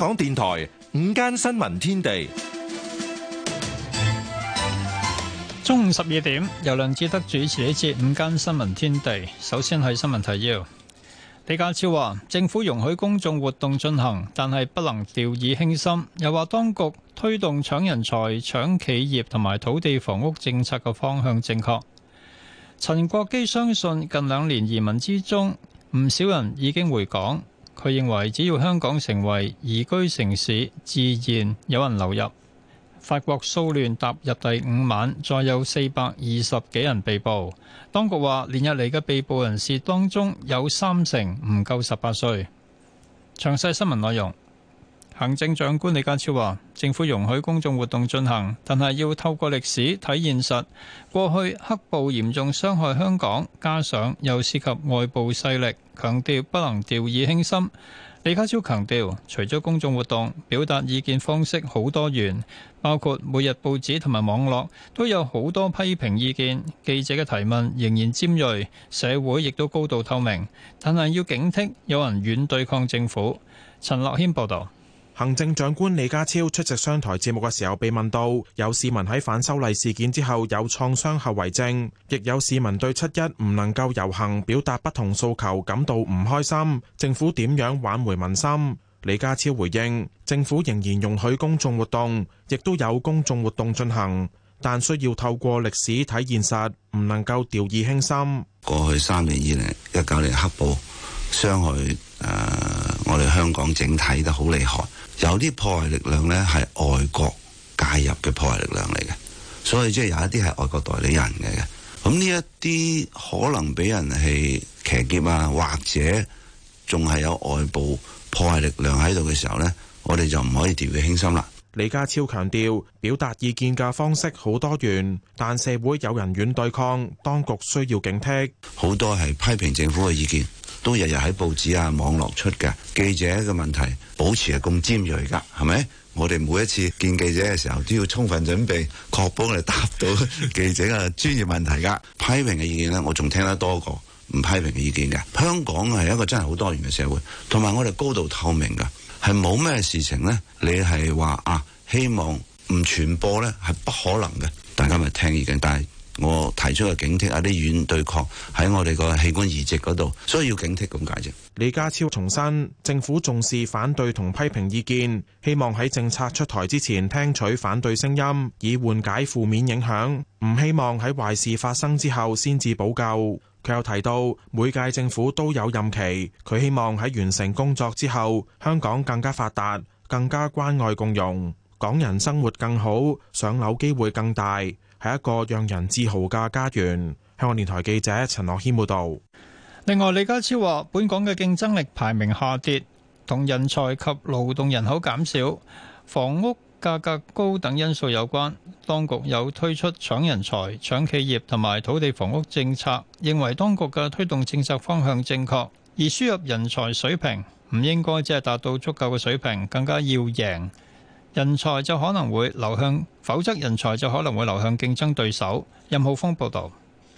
香港電台午間新聞天地，中午十二點，由梁志德主持呢節午間新聞天地。首先係新聞提要，李家超話政府容許公眾活動進行，但係不能掉以輕心。又話當局推動搶人才、搶企業同埋土地房屋政策嘅方向正確。陳國基相信近兩年移民之中，唔少人已經回港。佢認為，只要香港成為宜居城市，自然有人流入。法國騷亂踏入第五晚，再有四百二十幾人被捕。當局話，連日嚟嘅被捕人士當中有三成唔夠十八歲。詳細新聞內容。行政長官李家超話，政府容許公眾活動進行，但係要透過歷史睇現實。過去黑暴嚴重傷害香港，加上又涉及外部勢力，強調不能掉以輕心。李家超強調，除咗公眾活動，表達意見方式好多元，包括每日報紙同埋網絡都有好多批評意見。記者嘅提問仍然尖銳，社會亦都高度透明，但係要警惕有人軟對抗政府。陳樂謙報道。行政長官李家超出席商台節目嘅時候，被問到有市民喺反修例事件之後有創傷後遺症，亦有市民對七一唔能夠遊行表達不同訴求感到唔開心，政府點樣挽回民心？李家超回應：政府仍然容許公眾活動，亦都有公眾活動進行，但需要透過歷史睇現實，唔能夠掉以輕心。過去三年以嚟，一九年黑暴傷害。誒、呃，我哋香港整體得好厲害，有啲破壞力量呢，係外國介入嘅破壞力量嚟嘅，所以即係有一啲係外國代理人嚟嘅。咁呢一啲可能俾人係騎劫啊，或者仲係有外部破壞力量喺度嘅時候呢，我哋就唔可以掉以輕心啦。李家超強調，表達意見嘅方式好多元，但社會有人願對抗當局，需要警惕。好多係批評政府嘅意見。都日日喺報紙啊、網絡出嘅記者嘅問題，保持係咁尖鋭噶，係咪？我哋每一次見記者嘅時候，都要充分準備，確保我哋答到記者嘅專業問題噶。 批評嘅意見呢，我仲聽得多過唔批評嘅意見嘅。香港係一個真係好多元嘅社會，同埋我哋高度透明嘅，係冇咩事情呢，你係話啊，希望唔傳播呢係不可能嘅。的大家咪聽意見，但係。我提出嘅警惕啊！啲院對抗喺我哋個器官移植嗰度，所以要警惕咁解啫。李家超重申，政府重視反對同批評意見，希望喺政策出台之前聽取反對聲音，以緩解負面影響。唔希望喺壞事發生之後先至補救。佢又提到，每屆政府都有任期，佢希望喺完成工作之後，香港更加發達，更加關愛共融，港人生活更好，上樓機會更大。係一個讓人自豪嘅家園。香港電台記者陳樂軒報導。另外，李家超話，本港嘅競爭力排名下跌，同人才及勞動人口減少、房屋價格高等因素有關。當局有推出搶人才、搶企業同埋土地房屋政策，認為當局嘅推動政策方向正確，而輸入人才水平唔應該只係達到足夠嘅水平，更加要贏人才就可能會流向。否則人才就可能會流向競爭對手。任浩峰報道。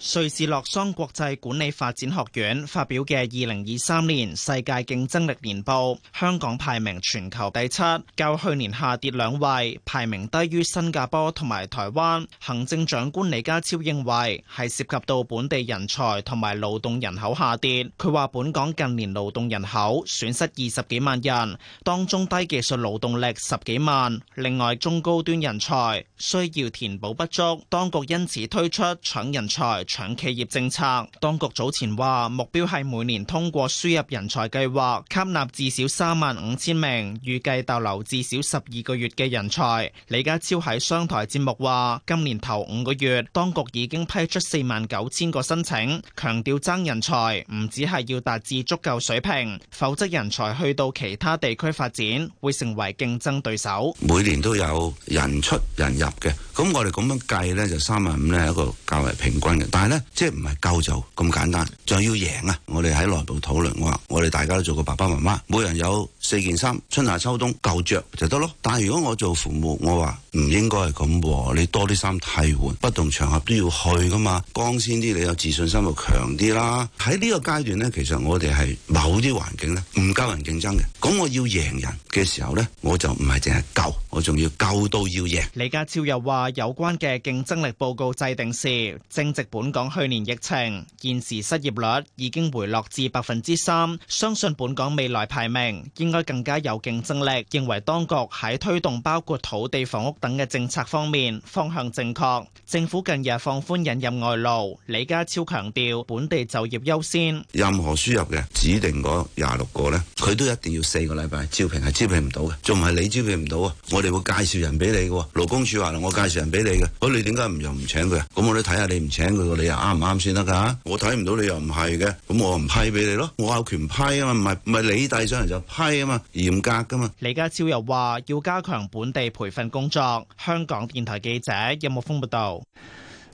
瑞士洛桑國際管理發展學院發表嘅二零二三年世界競爭力年報，香港排名全球第七，較去年下跌兩位，排名低於新加坡同埋台灣。行政長官李家超認為係涉及到本地人才同埋勞動人口下跌。佢話本港近年勞動人口損失二十幾萬人，當中低技術勞動力十幾萬，另外中高端人才需要填補不足，當局因此推出搶人才。搶企業政策，當局早前話目標係每年通過輸入人才計劃吸納至少三萬五千名，預計逗留至少十二個月嘅人才。李家超喺商台節目話，今年頭五個月當局已經批出四萬九千個申請，強調爭人才唔只係要達至足夠水平，否則人才去到其他地區發展會成為競爭對手。每年都有人出人入嘅，咁我哋咁樣計呢，就三萬五呢，係一個較為平均嘅，係呢，即係唔係夠就咁簡單，仲要贏啊！我哋喺內部討論，我話我哋大家都做過爸爸媽媽，每人有四件衫，春夏秋冬夠着就得咯。但係如果我做父母，我話唔應該係咁，你多啲衫替換，不同場合都要去噶嘛，光鮮啲，你有自信心就強啲啦。喺呢個階段呢，其實我哋係某啲環境呢唔夠人競爭嘅。咁我要贏人嘅時候呢，我就唔係淨係夠，我仲要夠到要贏。李家超又話，有關嘅競爭力報告制定時正值本。本港去年疫情，現時失業率已經回落至百分之三，相信本港未來排名應該更加有競爭力。認為當局喺推動包括土地、房屋等嘅政策方面方向正確。政府近日放寬引入外勞，李家超強調本地就業優先。任何輸入嘅指定嗰廿六個咧，佢都一定要四個禮拜招聘係招聘唔到嘅，仲唔係你招聘唔到，啊，我哋會介紹人俾你嘅，勞工處話，我介紹人俾你嘅，咁你點解唔又唔請佢？咁我都睇下你唔請佢。你又啱唔啱先得噶？我睇唔到你又唔係嘅，咁我唔批俾你咯。我有權批啊嘛，唔係唔係你遞上嚟就批啊嘛，嚴格噶嘛。李家超又話要加強本地培訓工作。香港電台記者任木峰報道，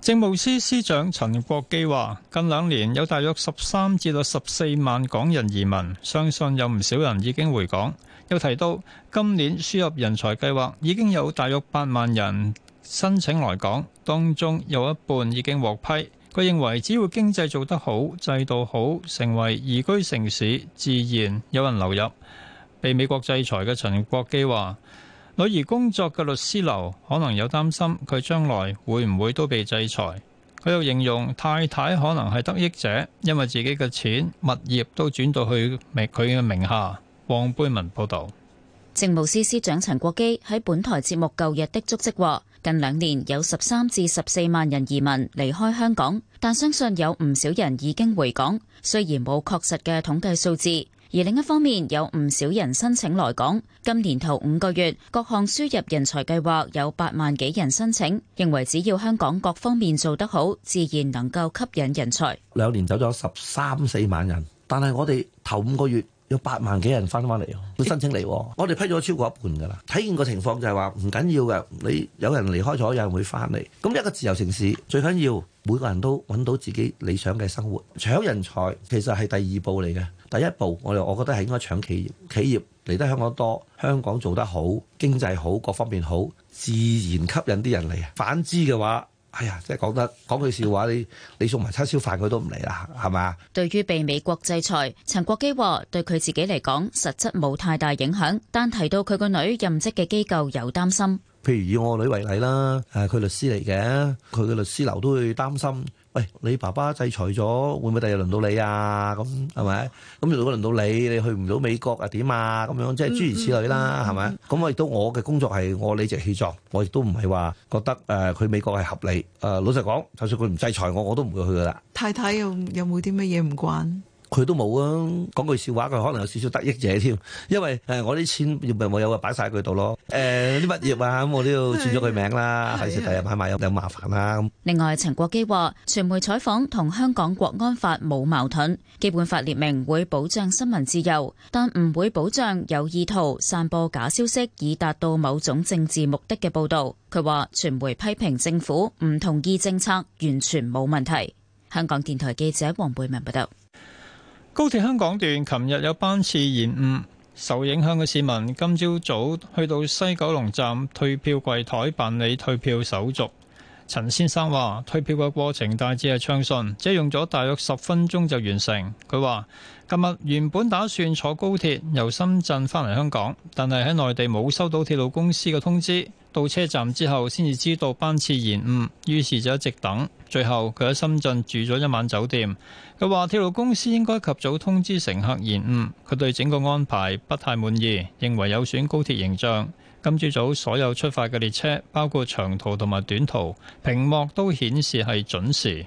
政務司司長陳國基話，近兩年有大約十三至到十四萬港人移民，相信有唔少人已經回港。又提到今年輸入人才計劃已經有大約八萬人。申請來港當中有一半已經獲批。佢認為只要經濟做得好、制度好，成為宜居城市，自然有人流入。被美國制裁嘅陳國基話，女兒工作嘅律師樓可能有擔心，佢將來會唔會都被制裁？佢又形容太太可能係得益者，因為自己嘅錢、物業都轉到去佢嘅名下。黃貝文報導，政務司司長陳國基喺本台節目《舊日的足跡》話。近兩年有十三至十四萬人移民離開香港，但相信有唔少人已經回港。雖然冇確實嘅統計數字，而另一方面有唔少人申請來港。今年頭五個月，各項輸入人才計劃有八萬幾人申請。認為只要香港各方面做得好，自然能夠吸引人才。兩年走咗十三、四萬人，但係我哋頭五個月，有八萬幾人翻翻嚟，會申請嚟，咦我哋批咗超過一半噶啦。睇見個情況就係話唔緊要嘅，你有人離開咗，有人會翻嚟。咁一個自由城市最緊要每個人都揾到自己理想嘅生活。搶人才其實係第二步嚟嘅，第一步我哋我覺得係應該搶企業，企業嚟得香港多，香港做得好，經濟好，各方面好，自然吸引啲人嚟啊。反之嘅話，哎呀，即係講得講句笑話，你你送埋叉燒飯佢都唔嚟啦，係嘛？對於被美國制裁，陳國基話對佢自己嚟講實質冇太大影響，但提到佢個女任職嘅機構有擔心。譬如以我女為例啦，誒佢律師嚟嘅，佢嘅律師樓都會擔心。哎、你爸爸制裁咗，會唔會第日輪到你啊？咁係咪？咁如果輪到你，你去唔到美國啊？點啊？咁樣即係諸如此類啦，係咪、嗯？咁我亦都我嘅工作係我理直氣壯，我亦都唔係話覺得誒、呃、去美國係合理。誒、呃、老實講，就算佢唔制裁我，我都唔會去㗎喇。太太有有冇啲乜嘢唔慣？佢都冇啊！講句笑話，佢可能有少少得益者添，因為誒，我啲錢唔係冇有啊，擺晒佢度咯。誒，啲物業啊，咁我都要轉咗佢名啦，少第日買賣有有麻煩啦。咁另外，陳國基話傳媒採訪同香港國安法冇矛盾，基本法列明會保障新聞自由，但唔會保障有意圖散播假消息以達到某種政治目的嘅報道。佢話傳媒批評政府唔同意政策，完全冇問題。香港電台記者黃貝文報道。高鐵香港段琴日有班次延誤，受影響嘅市民今朝早去到西九龍站退票櫃台辦理退票手續。陳先生話：退票嘅過程大致係暢順，即係只用咗大約十分鐘就完成。佢話：近日原本打算坐高鐵由深圳返嚟香港，但係喺內地冇收到鐵路公司嘅通知，到車站之後先至知道班次延誤，於是就一直等。最後佢喺深圳住咗一晚酒店。佢話：鐵路公司應該及早通知乘客延誤，佢對整個安排不太滿意，認為有損高鐵形象。今朝早所有出發嘅列車，包括長途同埋短途，屏幕都顯示係準時。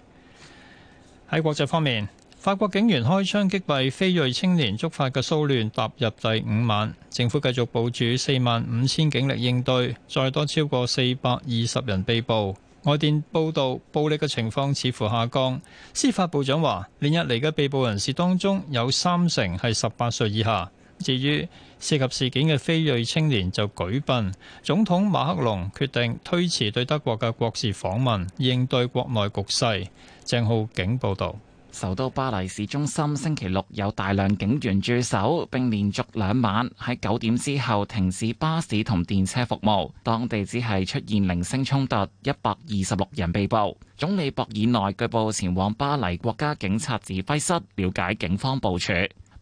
喺國際方面，法國警員開槍擊斃非裔青年，觸發嘅騷亂踏入第五晚，政府繼續部署四萬五千警力應對，再多超過四百二十人被捕。外電報導，暴力嘅情況似乎下降。司法部長話，連日嚟嘅被捕人士當中有三成係十八歲以下。至於涉及事件嘅非裔青年就舉殯，總統馬克龍決定推遲對德國嘅國事訪問，應對國內局勢。鄭浩景報導，首都巴黎市中心星期六有大量警員駐守，並連續兩晚喺九點之後停止巴士同電車服務。當地只係出現零星衝突，一百二十六人被捕。總理博爾內據報前往巴黎國家警察指揮室了解警方部署。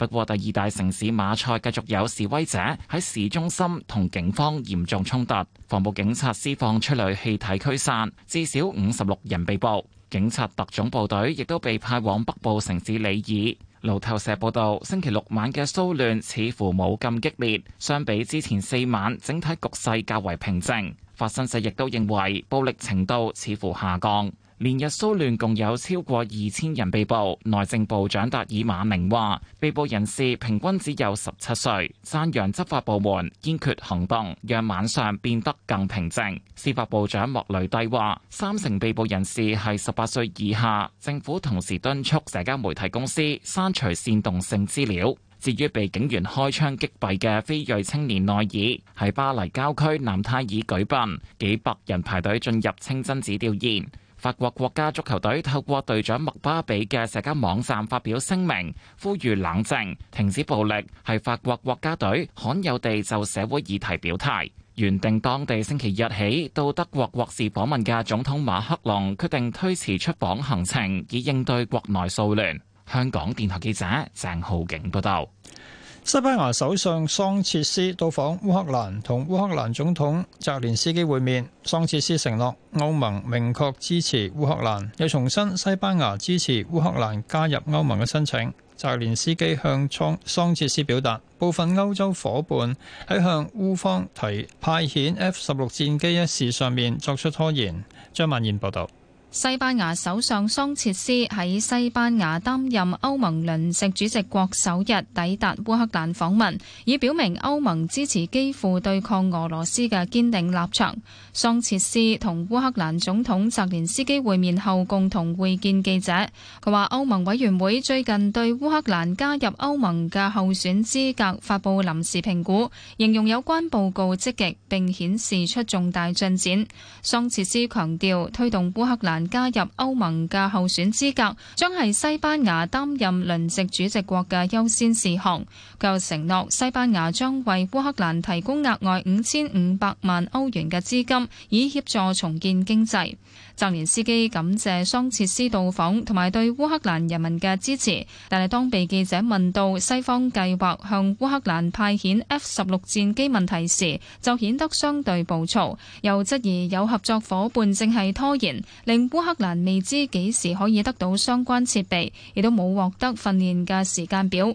不過，第二大城市馬賽繼續有示威者喺市中心同警方嚴重衝突，防暴警察施放催淚氣體驅散，至少五十六人被捕。警察特種部隊亦都被派往北部城市里爾。路透社報道，星期六晚嘅騷亂似乎冇咁激烈，相比之前四晚，整體局勢較為平靜。法新社亦都認為暴力程度似乎下降。連日騷亂共有超過二千人被捕，內政部長達爾馬明話，被捕人士平均只有十七歲，讚揚執法部門堅決行動，讓晚上變得更平靜。司法部長莫雷蒂話，三成被捕人士係十八歲以下。政府同時敦促社交媒體公司刪除煽動性資料。至於被警員開槍擊斃嘅非裔青年內爾喺巴黎郊區南泰爾舉辦，幾百人排隊進入清真寺悼念。法國國家足球隊透過隊長麥巴比嘅社交網站發表聲明，呼籲冷靜、停止暴力，係法國國家隊罕有地就社會議題表態。原定當地星期日起到德國國事訪問嘅總統馬克龍決定推遲出訪行程，以應對國內騷亂。香港電台記者鄭浩景報道。西班牙首相桑切斯到訪烏克蘭，同烏克蘭總統澤連斯基會面。桑切斯承諾歐盟明確支持烏克蘭，又重申西班牙支持烏克蘭加入歐盟嘅申請。澤連斯基向桑桑切斯表達，部分歐洲伙伴喺向烏方提派遣 F 十六戰機一事上面作出拖延。張曼燕報道。西班牙首相桑切斯喺西班牙擔任歐盟輪值主席國首日抵達烏克蘭訪問，以表明歐盟支持基輔對抗俄羅斯嘅堅定立場。桑切斯同烏克蘭總統澤連斯基會面後，共同會見記者。佢話歐盟委員會最近對烏克蘭加入歐盟嘅候選資格發佈臨時評估，形容有關報告積極，並顯示出重大進展。桑切斯強調推動烏克蘭。加入歐盟嘅候選資格將係西班牙擔任輪值主席國嘅優先事項。佢又承諾西班牙將為烏克蘭提供額外五千五百萬歐元嘅資金，以協助重建經濟。澤連斯基感謝桑切斯到訪同埋對烏克蘭人民嘅支持，但係當被記者問到西方計劃向烏克蘭派遣 F 十六戰機問題時，就顯得相對暴躁，又質疑有合作夥伴正係拖延，令烏克蘭未知幾時可以得到相關設備，亦都冇獲得訓練嘅時間表。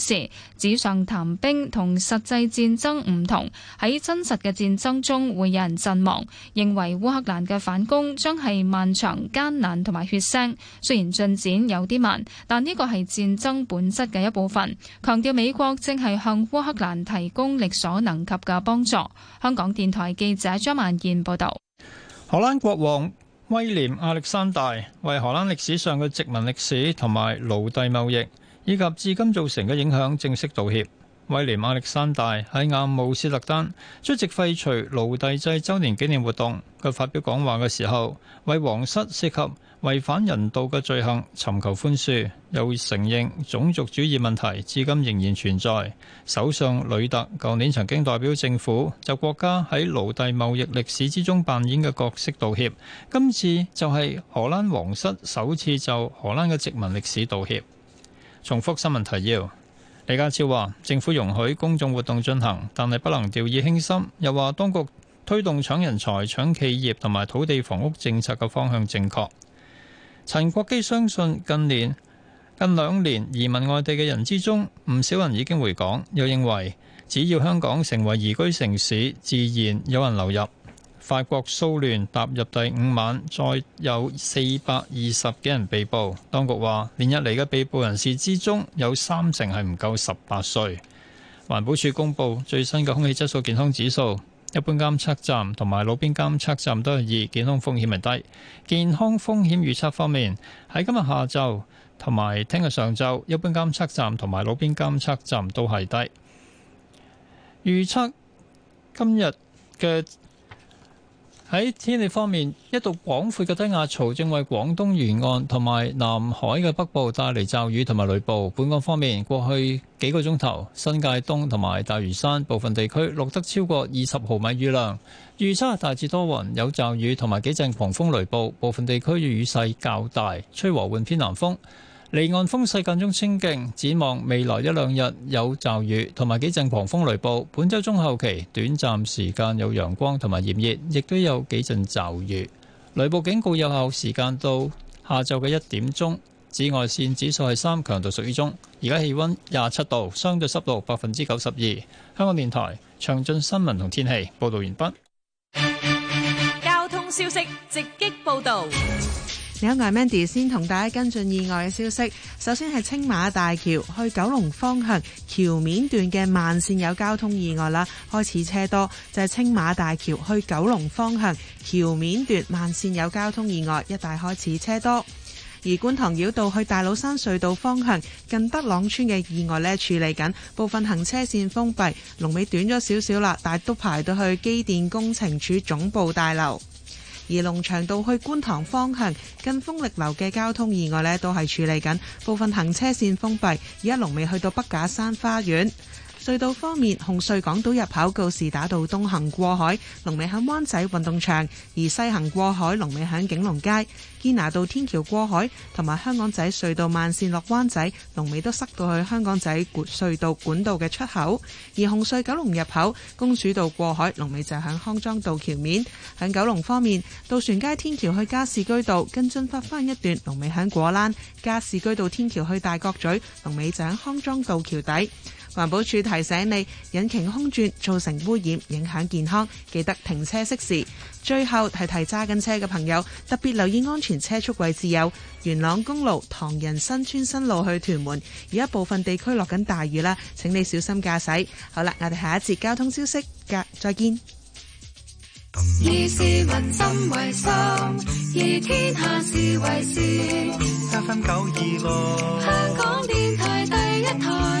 是紙上談兵同實際戰爭唔同，喺真實嘅戰爭中會有人陣亡。認為烏克蘭嘅反攻將係漫長、艱難同埋血腥，雖然進展有啲慢，但呢個係戰爭本質嘅一部分。強調美國正係向烏克蘭提供力所能及嘅幫助。香港電台記者張萬燕報道。荷蘭國王威廉亞歷山大為荷蘭歷史上嘅殖民歷史同埋奴隸貿易，以及至今造成嘅影響正式道歉。威廉亞歷山大喺阿姆斯特丹出席廢除奴隸制周年紀念活動，佢發表講話嘅時候，為皇室涉及違反人道嘅罪行尋求寬恕，又承認種族主義問題至今仍然存在。首相呂特舊年曾經代表政府就國家喺奴隸貿易歷史之中扮演嘅角色道歉，今次就係荷蘭皇室首次就荷蘭嘅殖民歷史道歉。重複新聞提要。李家超話，政府容許公眾活動進行，但係不能掉以輕心。又話當局推動搶人才、搶企業同埋土地、房屋政策嘅方向正確。陳國基相信近年、近兩年移民外地嘅人之中，唔少人已經回港。又認為只要香港成為宜居城市，自然有人流入。法國騷亂踏入第五晚，再有四百二十幾人被捕。當局話，連日嚟嘅被捕人士之中，有三成係唔夠十八歲。環保署公布最新嘅空氣質素健康指數，一般監測站同埋路邊監測站都係二，健康風險係低。健康風險預測方面，喺今日下晝同埋聽日上晝，一般監測站同埋路邊監測站都係低。預測今日嘅。喺天氣方面，一道廣闊嘅低壓槽正為廣東沿岸同埋南海嘅北部帶嚟驟雨同埋雷暴。本港方面，過去幾個鐘頭，新界東同埋大嶼山部分地區錄得超過二十毫米雨量。預測大致多雲，有驟雨同埋幾陣狂風雷暴，部分地區雨勢較大，吹和緩偏南風。離岸風勢間中清勁，展望未來一兩日有驟雨同埋幾陣狂風雷暴。本周中後期短暫時間有陽光同埋炎熱，亦都有幾陣驟雨。雷暴警告有效時間到下晝嘅一點鐘。紫外線指數係三，強度屬於中。而家氣溫廿七度，相對濕度百分之九十二。香港電台詳盡新聞同天氣報道完畢。交通消息直擊報道。你好，我係 Mandy，先同大家跟進意外嘅消息。首先係青馬大橋去九龍方向橋面段嘅慢線有交通意外啦，開始車多。就係青馬大橋去九龍方向橋面段慢線有交通意外，一帶開始車多。而觀塘繞道去大老山隧道方向近德朗村嘅意外咧處理緊，部分行車線封閉，龍尾短咗少少啦，但都排到去機電工程署總部大樓。而龍翔道去觀塘方向近風力樓嘅交通意外咧，都係處理緊，部分行車線封閉。而一龍尾去到畢架山花園。隧道方面，紅隧港島入口告士打道東行過海，龍尾響灣仔運動場；而西行過海，龍尾響景隆街。堅拿道天橋過海，同埋香港仔隧道慢線落灣仔，龍尾都塞到去香港仔隧道管道嘅出口。而紅隧九龍入口，公主道過海，龍尾就響康莊道橋面。響九龍方面，渡船街天橋去加士居道跟進發翻一段，龍尾響果欄；加士居道天橋去大角咀，龍尾就響康莊道橋底。環保署提醒你，引擎空轉造成污染，影響健康，記得停車熄匙。最後提提揸緊車嘅朋友，特別留意安全車速位置有元朗公路、唐人新村新路去屯門。而家部分地區落緊大雨啦，請你小心駕駛。好啦，我哋下一節交通消息，隔再見。以市民心為心，以天下事為事，香港電台第一台。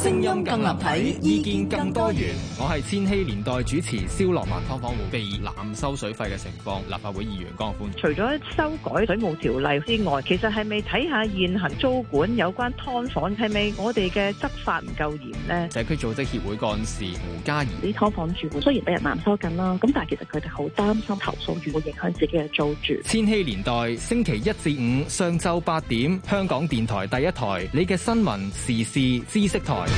聲音更立體，意見更多元。我係千禧年代主持蕭樂文，劏房戶被濫收水費嘅情況，立法會議員江歡。除咗修改水務條例之外，其實係咪睇下現行租管有關劏房係咪我哋嘅執法唔夠嚴呢？社區組織協會幹事胡嘉怡，啲劏房住戶雖然俾人濫收緊啦，咁但係其實佢哋好擔心投訴住唔會影響自己嘅租住。千禧年代星期一至五上晝八點，香港電台第一台，你嘅新聞時事知識台。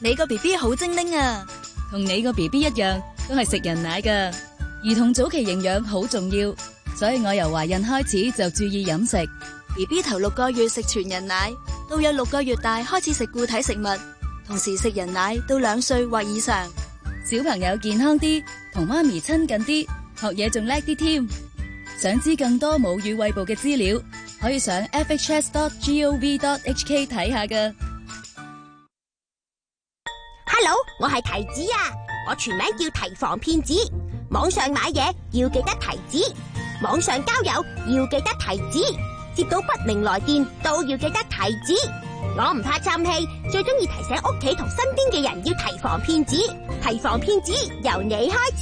你個 B B 好精靈啊，同你個 B B 一樣，都係食人奶噶。兒童早期營養好重要，所以我由懷孕開始就注意飲食。B B 頭六個月食全人奶，到有六個月大開始食固體食物，同時食人奶到兩歲或以上。小朋友健康啲，同媽咪親近啲，學嘢仲叻啲添。想知更多母乳餵哺嘅資料，可以上 fhs.gov.hk 睇下噶。Hello，我係提子啊，我全名叫提防騙子。網上買嘢，要記得提子，網上交友要記得提子，接到不明來電都要記得提子。我唔怕嘥氣，最中意提醒屋企同身邊嘅人要提防騙子。提防騙子由你開始，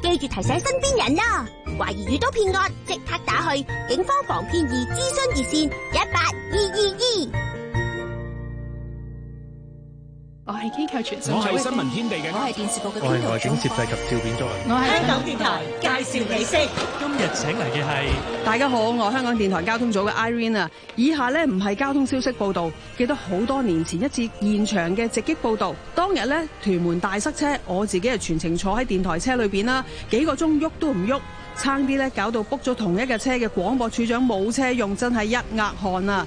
記住提醒身邊人啦，啊。懷疑遇到騙案，即刻打去警方防騙易諮詢熱線一八二二二。我係機構全組，我係新聞天地嘅，我係電視部嘅編導，我係外景攝製及照片主任，快我係香港電台介紹幾聲。今日請嚟嘅係，大家好，我係香港電台交通組嘅 Irene 啊。以下呢唔係交通消息報道，記得好多年前一次現場嘅直擊報道，當日呢屯門大塞車，我自己係全程坐喺電台車裏邊啦，幾個鐘喐都唔喐，差啲咧搞到 book 咗同一架車嘅廣播處長冇車用，真係一額汗啊！